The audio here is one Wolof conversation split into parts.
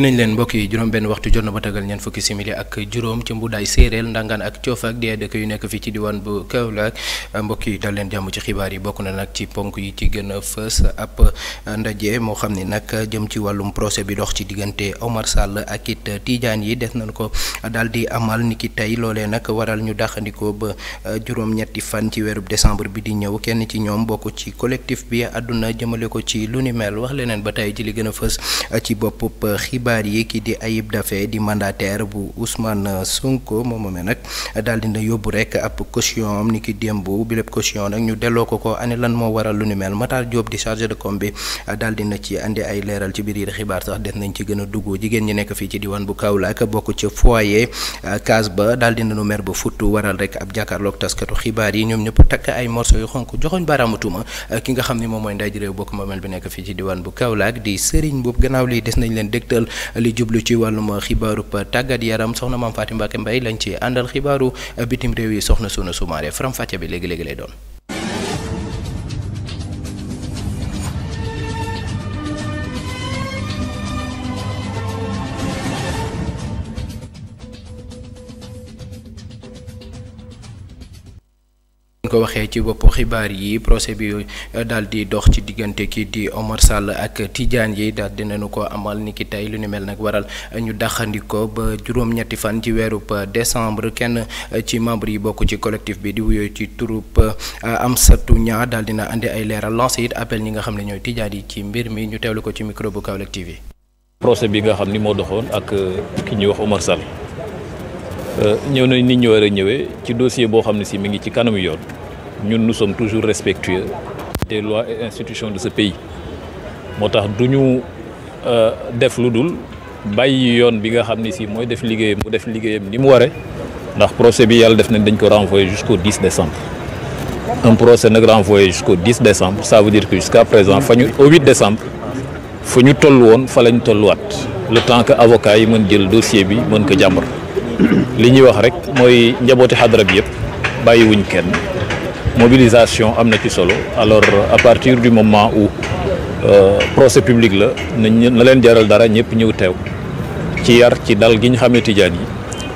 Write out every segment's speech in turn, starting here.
nuyu len boki mbokk yi juróom-benn waxtu jot na ba fukki simili ak juróom ci mbudaay séeréel ndangan ak coof ak di dëkk yu nekk fii ci bu Kaolack mbokk yi dal leen jàmm ci xibaar yi bokk na nag ci ponk yi ci gën ndaje moo xam nak jëm ci walum procès bi dox ci diggante Omar Sall ak it Tidiane yi def nañ ko daal di amal ni ki tey nak nag waral ñu daxandikoo ba juróom-ñetti fan ci weerub décembre bi di ñëw kenn ci ñoom bokk ci collectif bi àdduna jëmale ko ci lu ni mel wax leneen ba tey ci li gën a ci xibaar yi ki di Ayib Daffé di mandataire bu Ousmane Sonko moom moomee nag daal dina yóbbu rek ab caution am ni ki démb bu lépp caution nag ñu delloo ko ko ane lan moo waral lu ni mel Matar Diop di chargé de com bi daal dina ci andi ay leeral ci biir xibaar sax def nañ ci gën a dugg jigéen ñi nekk fii ci diwaan bu Kaolack bokk ca foyer Kaas euh, ba daal dina nu mer ba futtu waral rek ab jàkkaarloog taskatu xibaar yi ñoom ñëpp takk ay morso yu xonk joxoñ baaraamu tuuma euh, ki nga xam ni moom mooy ndaje réew nekk fii ci diwaan bu Kaolack di des nañ leen dégtal li jublu ci wàllum xibaaru tàggat yaram soxna maam Fatim Mbacke Mbaye lañ ci àndal xibaaru bitim réew yi soxna suna sumaare faram fàcce bi léegi léegi lay doon. ko waxee ci bopp xibaar yi procès bi eh, dal di dox ci diggante ki di Omar Sall ak Tidiane yi dal dinañu ko amal niki tey lu ni mel nag waral ñu daxandiko ba juróom-ñetti fan ci weerub eh, décembre kenn eh, ci membre yi bokk ci collectif bi di wuyo ci turub Amsatou Nia dal dina andi ay leeral lancé it appel ñi nga xam ne ñooy Tidiane yi ci mbir mi ñu teewlu ko ci micro bu Kaolack TV. procès bi nga xam ni moo doxoon ak ki ñuy wax Omar Sall. ñëw na nit ñi war a ñëwee ci dossier boo xam ne si mi ngi ci kanamu yoon Nous, nous sommes toujours respectueux des lois et institutions de ce pays moo tax du ñu euh, def lu nous bàyyi yoon bi nga xam ne si def liggéeyam mu def ni mu procès bi yàlla def nañ dañ ko renvoyer jusqu'au 10 décembre un procès grand renvoyé jusqu'au 10 décembre ça veut dire que jusqu'à présent au 8 décembre fa le toll woon fa lañ tolluwaat le temps que avocat yi mën jël dossier bi mën ko jàmbar li wax rek moy njabooti hadra bi yëpp bàyyiwuñ kenn mobilisation am solo alors à partir du moment où euh, procès public la na len jaral dara ñew tew ci yar ci dal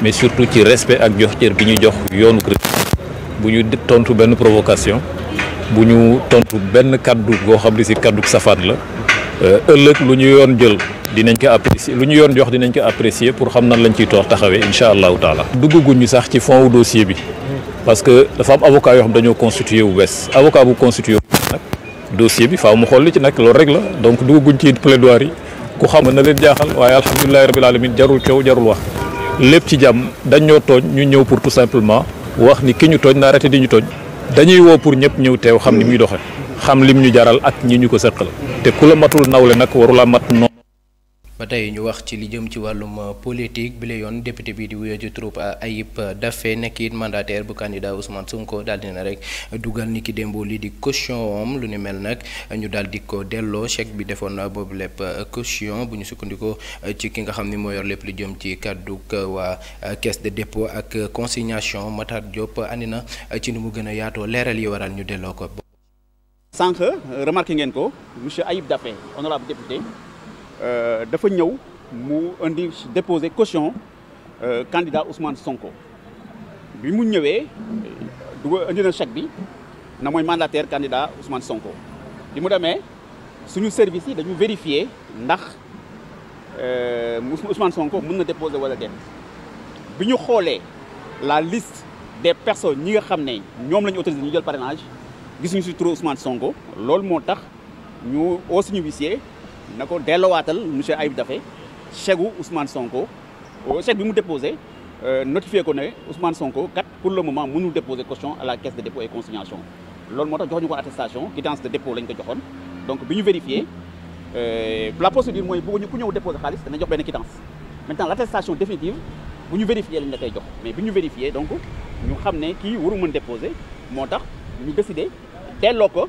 mais surtout ci respect ak jox ter de jox yoonu tontu provocation buñu tontu kaddu la euh, yoon dinañ ko apprécier luñu ñu yoon jox dinañ ko apprécier pour xam nan lañ ciy tor taxawé inshallah taala. duggaguñ sax ci fond wu dossier bi parce que dafa am avocat yo xam dañoo constituer wu bees avocat bu constituer wu dossier bi faaw mu xol li ci nak lool rek la donc duggaguñ ci plaidoirie ku xam na leen jaaxal waaye alhamdulilahi rabbil alamin jarul ciow jarul wax lepp ci jam dañoo togn ñu ñew pour tout simplement wax ni kiñu togn na arrêté diñu togn dañuy wo pour ñep ñew teew xam ni muy doxee xam lim ñu jaral ak ñi ñu ko sëqal te ku matul nawle nak waru la mat noonu ba tey ñu wax ci li jëm ci wàllum euh, politique bi la yoon député bi di wuyoo ci troupe euh, Ayib Daffé nekk it mandataire bu candidat Ousmane Sonko daal dina rek dugal ni ki li di caution am lu ni mel nag ñu daal di ko delloo chèque bi defoon boobu lépp euh, caution bu ñu sukkandikoo ci ki nga xam ni moo yor lépp lu jëm ci kàddu waa kes de dépôt ak consignation Matar Diop andi na ci ni mu gën a yaatoo leeral yi waral ñu delloo ko. sànq Euh, dafa ñëw mu indi déposer caution euh, candidat Ousmane Sonko bi mu ñëwee duga indi na chèque bi na mooy mandataire candidat Ousmane Sonko bi mu demee suñu service yi dañu vérifier ndax euh, Ousmane Sonko mën na déposer wala déet bi ñu xoolee la liste des personnes ñi nga xam ne ñoom la ñu autorisé ñu jël parrainage gisuñu si trop Ousmane Sonko loolu moo tax ñu oo suñu huissier na ko delloowaatal monsieur Ayib Daffé chèque Ousmane Sonko euh, chèque bi mu déposé euh, notifié ko Ousmane Sonko kat pour le moment mënul déposer caution à la caisse de dépôt et consignation loolu moo tax joxuñu ko attestation quittance de dépôt lañ ko joxoon donc bi vérifier. Euh, la procédure mooy bëgguñu ku ñëw déposer xaalis dana jox benn quittance maintenant l'attestation définitive bu vérifier vérifié lañ la koy jox mais bi vérifier, donc ñu xam ne kii waru mën déposer moo tax ñu décidé delloo ko.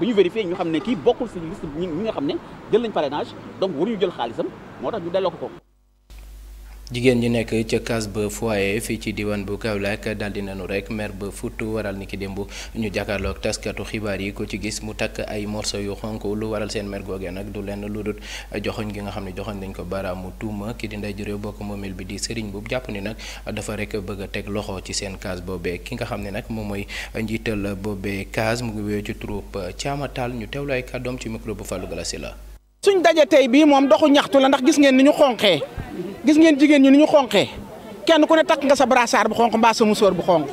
Nous ñu vérifié ñu beaucoup de liste donc jël jigéen ñi nekk ca kaas ba foyer fii ci diwaan bu Kaolack daal di nañu rek mer ba futt waral ni ki démb ñu jàkkaarloog taskatu xibaar yi ko ci gis mu takk ay morso yu xonk lu waral seen mer googee nag du lenn lu dul joxoñ gi nga xam ne joxoñ dañ ko baaraamu tuuma ki di nday juree bokk moomeel bi di sëriñ bu jàpp ni nag dafa rek bëgg a teg loxo ci seen case boobee ki nga xam ne nag moom mooy njiital boobee case mu ngi wéyoo ci troupe Thiamatal ñu teewlu ay kàddoom ci micro bu Fallou la. suñ daje tey bii moom doxu ñaxtu la ndax gis ngeen ni ñu xonqee gis ngeen jigéen ñi ni ñu xonqee kenn ku ne takk nga sa brassard bu xonq mbaa sa musóor bu xonq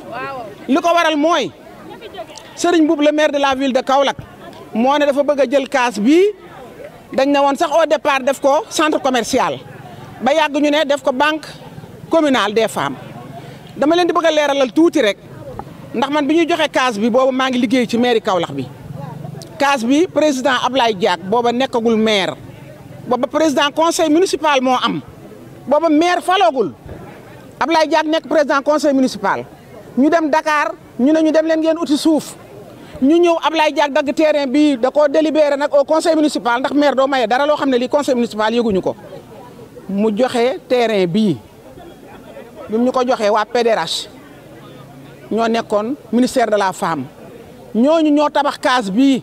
li ko waral mooy Serigne Mboup le maire de la ville de Kaolack moo ne dafa bëgg a jël kaas bii dañ ne woon sax au départ def ko centre commercial ba yàgg ñu ne def ko banque communale des femmes dama leen di bëgg a leeralal tuuti rek ndax man bi ñuy joxe kaas bi boobu maa ngi liggéey ci mairi Kaolack bi cas bi président Ablaye Diack bobu nekkagul maire bobu président conseil municipal mo am bobu maire faloogul Ablaye Diack nek président conseil municipal ñu dem Dakar ñu ne ñu dem len ngeen outil souf ñu ñew Ablaye Diack dagg terrain bi da ko délibérer nak au conseil municipal ndax maire do maye dara lo xam ne conseil municipal yeguñu ko mu joxé terrain bi mu ñuko joxé wa waa PDRH ñoo ministère de la femme ñoñu ñoo tabax kaas bi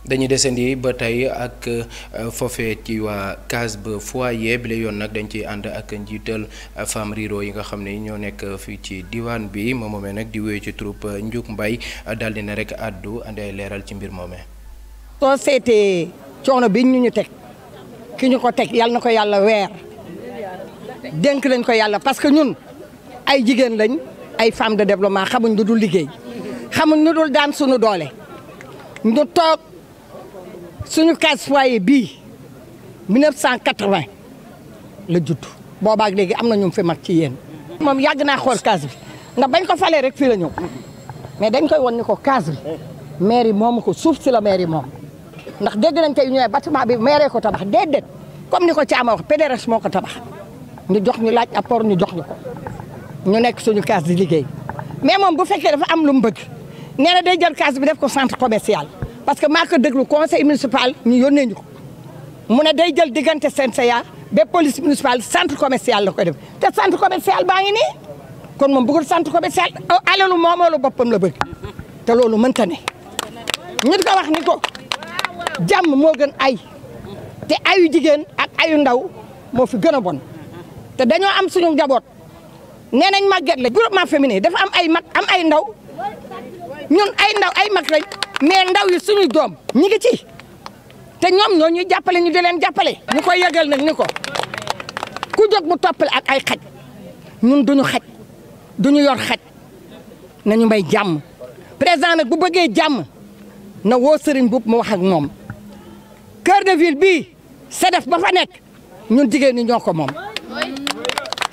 dañuy descendi ba tay ak euh, fofé ci wa case ba foyer bi la nak dañ ci and ak njital euh, femme riro yi nga xamné ño nek fi ci diwan bi moom moomee nag di wé ci troupe euh, njuk mbay dal dina rek addu andé léral ci mbir momé soo fété coono bi ñu ñu tek ki ñu ko tek yalla nako yalla yàlla denk lañ ko yalla parce que ñun ay jigen lañ ay femme de développement xamuñ lu liggéey xamuñ lu dul daan suñu doolé ñu tok suñu case foyer bii 1980 la judd boobaak léegi am na ñu fi mag ci yéen. moom yàgg naa xool case bi nga bañ ko falee rek fii la ñëw mais dañ koy won ni ko case bi mairie moomu ko suuf si la moom ndax dégg nañ koy tey ñooy bâtiment bi mairie ko tabax déedéet comme ni ko Thiama wax PDRS moo ko tabax ñu jox ñu laaj apport ñu jox ñu ko ñu nekk suñu case di liggéey mais moom bu fekkee dafa am lu mu bëgg nee na day jël case bi def ko centre commercial. parce que maa ko déglu conseil municipal ñu yónnee ñu ko mu ne day jël diggante CNCA ba police municipale centre commercial la koy def te centre commercial baa ngi nii kon moom bëggul centre commercial euh, alalu moomoolu boppam la bëgg te loolu mënta ne ñu di ko wax ni ko jàmm moo gën ay te ayu jigéen ak ayu ndaw moo fi gën a bon te dañoo am suñu njaboot nee nañ màgget la groupement féminin dafa am ay mag am ay ndaw ñun ay ndaw ay mag lañ mais ndaw yi suñu doom ñi ngi ci te ñoom ñoo ñuy jàppale ñu di leen jàppale ñu ko yëgal nag ni ko ku jóg mu toppale ak ay xaj ñun duñu xaj duñu yor xaj nañu may jàmm président nag bu bëggee jàmm na woo sëriñ buub mu wax moom cœur de ville bii sedef ba fa nekk ñun jigéen ñi ñoo ko moom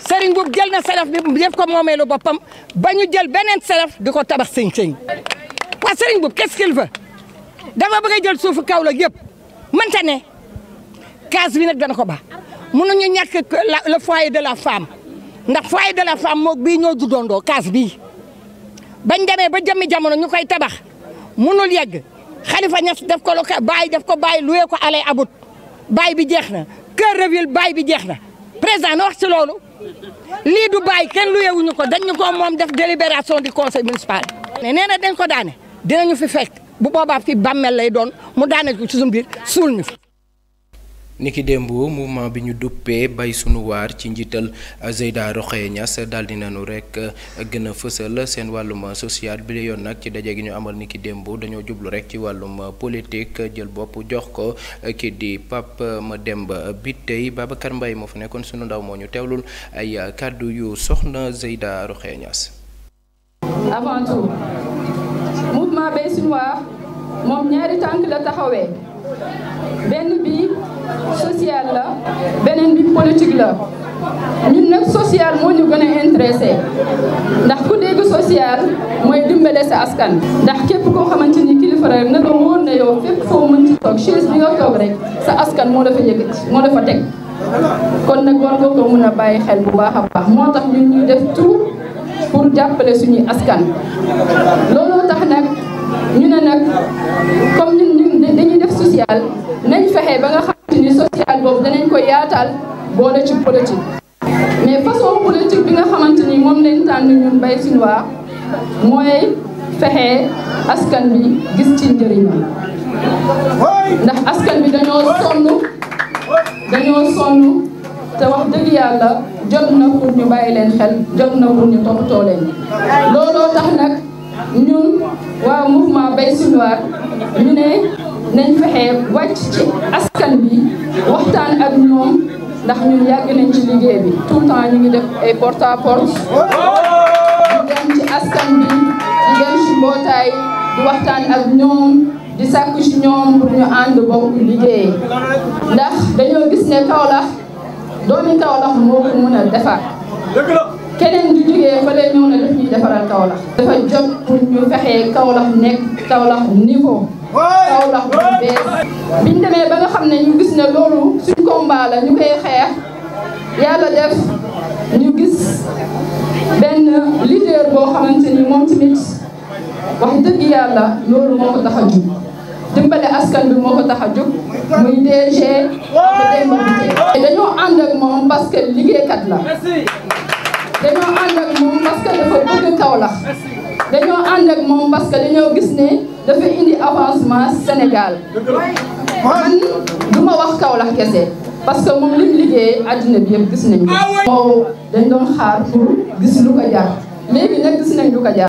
sëriñ buub jël na sedef bi def ko moomeelu boppam ba ñu jël beneen sedef di ko tabax sëñ sëñ waa Serigne Mboup qu'est-ce qu'il dafa bëgg a jël suufu Kaolack yëpp mënta ne case bi nag dana ko ba mënuñu ñàkk le foyer de la femme ndax foyer de la femme moog bii ñoo juddoondoo case bii bañ demee ba jëmmi jamono ñu koy tabax mënul yegg Khalifa Niass def ko loka bàyyi def ko bàyyi luwee ko alay abut bàyyi bi jeex na Kër Reville bàyyi bi jeex na président na wax ci loolu lii du bàyyi kenn luyeewuñu ko dañ ñu ko moom def délibération du conseil municipal. nee na dañ ko daane. dinañu fi fekk bu boobaa fi bàmmeel lay doon mu daane ko ci suñu biir suul ñu fi. niki démb mouvement bi ñu duppee bay sunu waar ci njiital Zeyda Roxee Ñas daal di nañu rek gën fësal seen wàllum social bi la yoon nag ci daje gi ñu amal niki démb dañoo jublu rek ci wàllum politique jël bopp jox ko kii di Pape bi tey Babacar Mbaye moo fa nekkoon sunu ndaw moo ñu teewlul ay kàddu yu soxna Zeyda Roxee Ñas mouvement Bessinois moom ñaari tànk la taxawee benn bi social la beneen bi politique la ñun nag social moo ñu gën a intéressé ndax ku dégg social mooy dimbale sa askan. ndax képp koo xamante ni kilifa rek ne ko wóor na yow fépp foo mën ci toog bi nga toog rek sa askan moo la fa yëkkati moo la fa teg kon nag war nga ko mën a bàyyi xel bu baax a baax moo tax ñun ñuy def tout pour jàppale suñuy askan looloo tax nag. ñu ne nag comme ñun ñun dañuy def social nañ fexe ba nga xamante ni social boobu danañ ko yaatal boole ci politique. mais façon politique bi nga xamante ni moom lañ tànn ñun Bay Sinwaa mooy fexe askan bi gis ci bi ndax askan bi dañoo sonn dañoo sonn te wax dëgg yàlla jot na pour ñu bàyyi leen xel jot na pour ñu toppatoo leen looloo tax nag. ñun waa mouvement Bay Sunu Waar ñu ne nañ fexe wàcc ci askan bi waxtaan ak ñoom ndax ñun yàgg nañ ci liggéey bi tout le temps ñu ngi def ay porte à porte di dem ci askan bi di dem ci mbootaay di waxtaan ak ñoom di sàkku ci ñoom pour ñu ànd bokk liggéey ndax dañoo gis ne Kaolack doomi Kaolack moo ko mën a defar keneen du jógee fa leen ñëw na def ñuy defaral Kaolack dafa jot pour ñu fexee Kaolack nekk Kaolack niveau Kaolack bu bees ba nga xam ne ñu gis ne loolu suñ combat la ñu koy xeex yàlla def ñu gis benn leader boo xamante ni moom tamit wax dëgg yàlla loolu moo ko tax a jug dimbale askan bi moo ko tax a jug muy DG te dañoo ànd moom parce liggéeykat la dañoo ànd ak moom parce que dafa bëgg Kaolack dañoo ànd ak moom parce que dañoo gis ne dafa indi avancement Sénégal man du ma wax Kaolack kese parce que moom li liggéey àddina bi yëpp gis nañu ko. dañ doon xaar pour gis lu ko jar léegi nag gis nañ lu ko jar.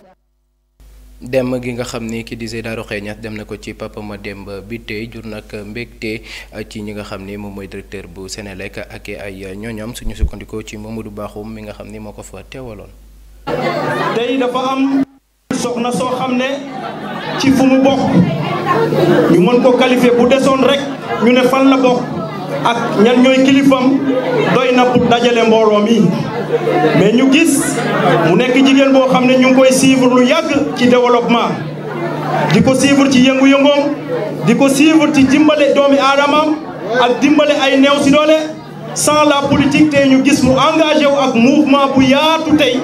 dem gi nga xam ni ki di Zeyda Rokhaya dem na ko ci Papa Mademba bi tey jur nag mbégte uh, ci ñi nga xam ni moom mooy directeur bu Sénélec ak ay uh, ñooñam suñu sukkandiku ci du Bakhoum mi nga xam ni moo ko fa teewaloon. tey dafa am soxna soo xam ne ci fu mu bokk ñu mën ko qualifier bu desoon rek ñu ne fan la bokk. ak ñan ñooy kilifam doy na pour dajale mi mais ñu gis mu nekk jigéen boo xam ne ñu ngi koy suivre lu yàgg ci développement di ko suivre ci yëngu-yëngoom di ko suivre ci dimbale doomi aadamam ak dimbale ay néew si doole la politique tey ñu gis mu engagé wu ak mouvement bu yaatu tey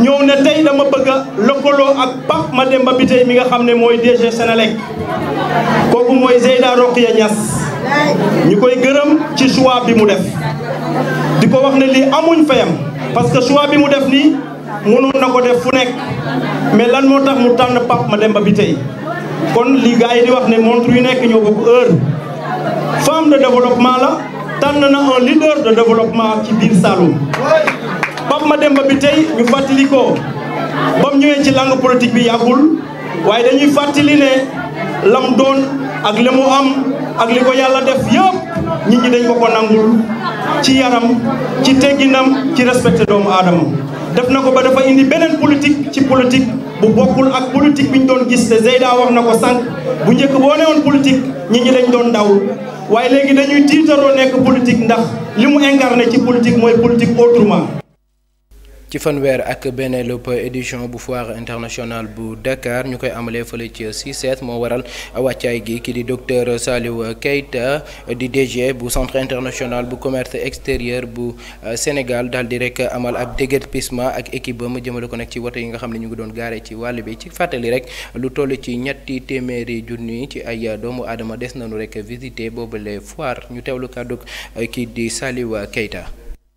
ñëw ne tey dama bëgg a lëkkaloo ak Pape Mademba Bitèye mi nga xam ne mooy DG Senelec kooku mooy Zeyda Rokhaya Niass ñu koy gërëm ci choix bi mu def di ko wax ne li amuñ fayam parce que choix bi mu def nii mënoon na ko def fu nekk mais lan moo tax mu tànn dem ba bi tey kon li gars yi di wax ne montre yu nekk ñoo bokk heure femme de développement la tànn na un leader de développement ci biir Saloum Pape Mademba bi tey ñu fàttali ko ba mu ñëwee ci langue politique bi yàggul waaye dañuy fàttali ne lam doon ak la am ak li yàlla def yëpp nit ñi dañ ko ko nangul ci yaram ci tegginam ci respecté doomu aadama def na ko ba dafa indi beneen politique ci politique bu bokkul ak politique bi ñu doon gis te Zeyda wax na ko sànq bu njëkk boo newoon politique nit ñi dañ doon daw waaye léegi dañuy tiitaroo nekk politique ndax li mu ne ci politique mooy politique autrement ci fanweer ak beneen benneelu édition bu foire internationale bu Dakar ñu koy amalee fële ci CICES moo waral wàccaay gi ki di docteur Saliou Keita di DG bu centre international bu commerce extérieur bu euh, Sénégal daal di rek amal ab déguerpissement ak équipe ba mu jëmale ko nag ci woto yi nga xam ne ñu ngi doon gaare ci wàll bi ci fàttali rek lu toll ci ñetti téeméeri junni ci ay doomu aadama des nañu rek visiter boobule foire ñu teewlu kàddu euh, kii di Saliou Keita.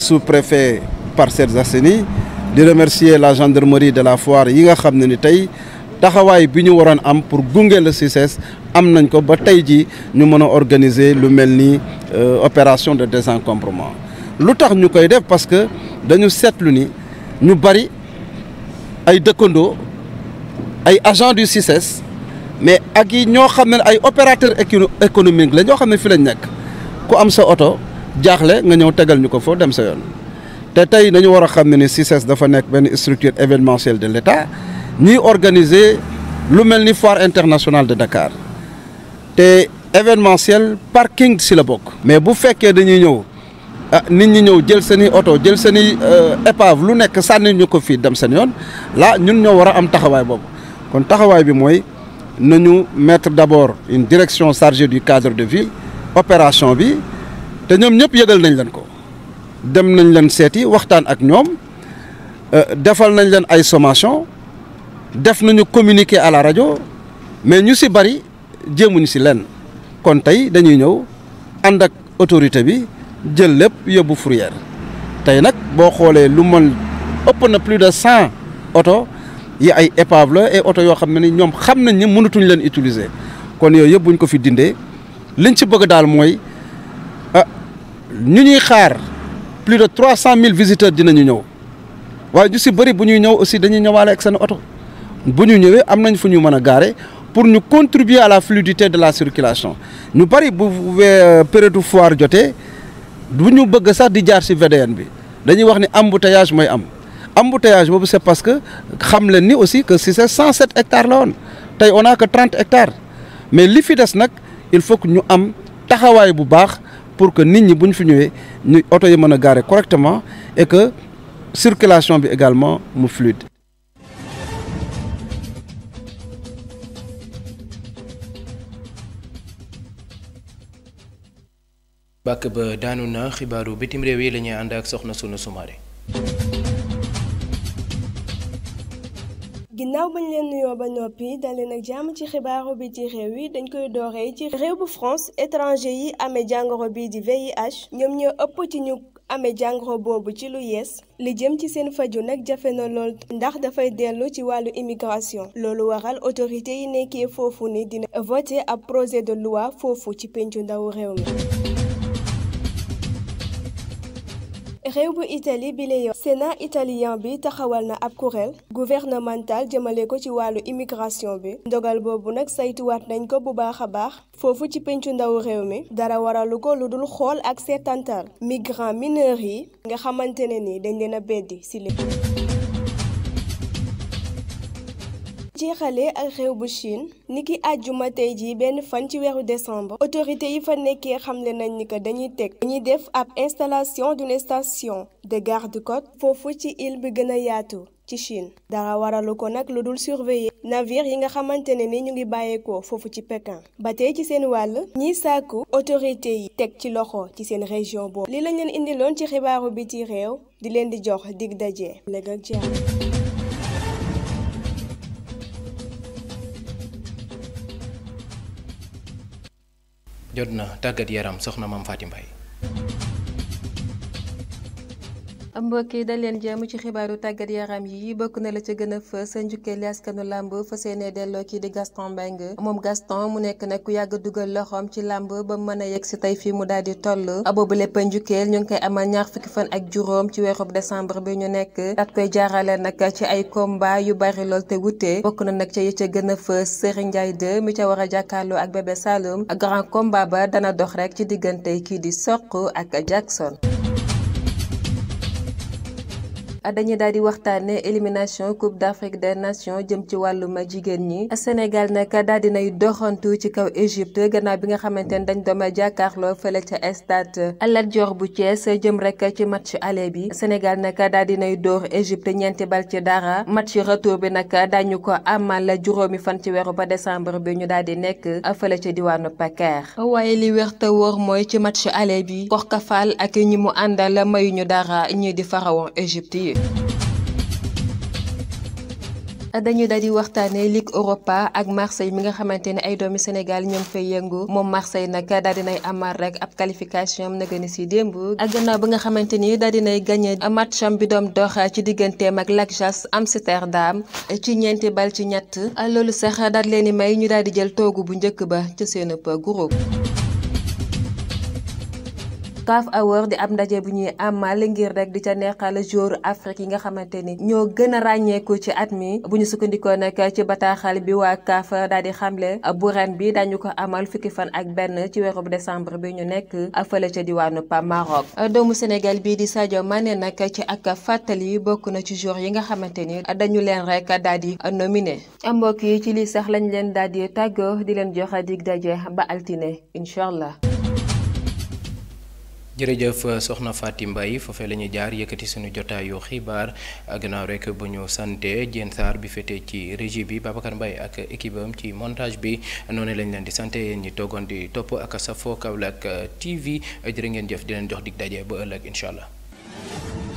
sous-préfet Parcelles Assainies de remercier la gendarmerie de la Foire yi nga Tahawai ne ni am pour gonger le CICES e am nañ ko ba nous ji organiser lu melni euh, opération de désencombrement lu nous ñu def parce que dañu seetlu ni ñu bari ay dëkkandoo ay agents du CICES e mais qui yi ñoo xam ay opérateurs économiques la ñoo xam fi lañ jaaxle nga ñëw tégal ñuko fo dem sa yoon té tay dañu wara a xam ne ni CICES dafa nekk ben structure événementielle de l'État ñuy organiser lu melni foire internationale de Dakar té événementiel parking si la bokk. mais bu féké dañuy ñëw ah, nit ñi ñëw jël seen auto jël seen euh, épave lu nekk sànni ñuko fi dem seen yoon là ñun ñoo wara am taxaway bob kon taxaway bi moy nañu mettre d'abord une direction chargée du cadre de ville, opération bi. te ñoom ñëpp yëgal nañ leen ko dem nañ leen seeti waxtaan ak ñoom euh, defal nañ leen ay sommation def nañu communiqué à rajo mais ñu si bari jéemuñu si leen kon tey dañuy ñëw ànd ak autorité bi jël lépp yóbbu fourrière tey nag boo xoolee lu mën ëpp na plus de cent oto yi ay épave la et oto yoo xam ne ni ñoom xam nañ ni mënatuñ leen utiliser kon yooyu yëpp buñ ko fi dindee liñ ci bëgg daal mooy Nous avons plus de 300 000 visiteurs Nous ñëw bu nous aussi dañuy ñëwaale ak nous oto bu ñu ñëwee am pour nous contribuer à la fluidité de la circulation Nous avons bu euh, période foire nous bu ñu bëgg sax di VDN bi dañuy wax embouteillage embouteillage c'est parce que nous leen aussi que si c'est 107 hectares on a que 30 hectares mais li il faut que nous am un bu pour que nit ñi bu nous fi ñëwee ñu yi garer correctement et que circulation bi également mu fluide. bàkk ba danuna na xibaaru bitim rew yi lañuy and ak soxna sunu sumaré ginnaaw bañ leen nuyoo ba noppi daleen ak jàmm ci xibaaru bi ci dañ koy ci bu France étranger yi amee jàngoro di VIH ñoom ñoo ëpp ci ñu amee jàngoro boobu ci lu yees li jëm ci seen faju nag jafe na lool ndax ci immigration waral autorité yi nekkee foofu ni dina voter ab projet de loi foofu ci pencu mi réew bu Italie bi la yoon Sénat italien bi taxawal na ab kuréel gouvernemental jëmale ko ci wàllu immigration bi ndogal boobu nag saytuwaat nañ ko bu baax a baax foofu ci pencu ndaw réew mi dara waralu ko lu dul xool ak seetantal migrant mineur yi nga xamante ne ni dañ leen a beddi si lépp xalé ak xew bu Chine niki àjjuma tey jii ben fan ci wéru décembre autorité yi fa nekkee xamlé nañ ni dañuy teg dañuy def ab installation d'une station de garde-côte fofu ci île bi gëna a yaatu ci Chine dara waralu ko nag surveiller navire yi nga xamante ni ñu ngi ko fofu ci Pékin ba tay ci seen wall ñi saku autorité yi teg ci loxo ci seen région bo li lañ leen indiloon ci xibaaru bi ci réew di leen di jox dig dajé léegi ak jot na tàggat yaram soxna maam Fatim mbay mbokk yi dañ leen jéem ci xibaaru tàggat yaram yi bokk na la ca gën a fës njukkee li askanu làmb fa yéene delloo kii di Gaston Mbengue moom Gaston mu nekk nag ku yàgg dugal loxoom ci làmb ba mën a yegg si tey fii mu daal di toll boobu lépp njukkeel ñu ngi koy amal ñaar fukki fan ak juróom ci weerub décembre bi ñu nekk daat koy jaarale nag ci ay combat yu bari lool te wute bokk na nag ca yi ca gën a fës Serigne Ndiaye 2 mi ca war a jàkkaarloo ak bébé Saloum grand combat ba dana dox rek ci diggante kii di Sokh ak Jackson dañuy daal di waxtaanee élimination coupe d' afrique nation jëm ci wàllum jigéen ñi Sénégal nag daal di nay doxantu ci kaw Égypte gannaaw bi nga xamante ne dañ doon jàkkaarloo fële ca stade Lat jor bu Thiès jëm rek ci match aller bi Sénégal nag daal di nay door Égypte ñeenti bal ci dara match retour bi nag dañu ko amal juróomi fan ci weeru ba décembre bi ñu daal di nekk fële ca diwaanu Paker waaye li wér te wóor mooy ci match aller bi Korkafal ak ñi mu àndal mayuñu dara ñii di pharaon Égypte yi yi dañu daal waxtaanee Ligue Europa ak Marseille mi nga xamante ne ay doomi senegal ñoom ngi fay yëngu moom Marseille nag daal di nay amaat rek ab qualification am si démb ak gannaaw bi nga xamante ni daal di nay gagné matcham bi doom dox ci digganteem ak l'Ajax Amsterdam ci ñeenti bal ci ñett loolu sax daal leen di may ñu daal di jël toogu bu njëkk ba ci seen groupe. CAF Award di ndaje bu ñuy amal ngir rek di ca neexal jour Afrique yi nga xamanteni ni ñoo gën a ci at mi bu ñu sukkandiko nak ci bataaxal bi wa CAF daal di xamlé bu ren bi dañu ko amal fukki fan ak ben ci weeru décembre bi ñu nekk fële ci diwanu pa Maroc doomu Sénégal bi di Sadio Mané nak ci ak fatali bokku na ci jour yi nga xamanteni dañu leen rek daal di nominé mbokk yi ci li sax lañ leen daal di taggo di leen jox dig dajé ba altine inshallah jërëjëf euh, soxna Faty mbay foofee la ñuy jaar yëkkati suñu jotaayu xibaar euh, gannaaw rek bu ñu sante Diène saar bi féetee ci régie bi Babacar mbay ak équipe ci montage bi noonu lañu leen di sant yéen ñi toogoon di topp ak sa safoo Kaolack euh, TV jërë ngeen jëf di leen jox dig daje ba ëllëg incha allah.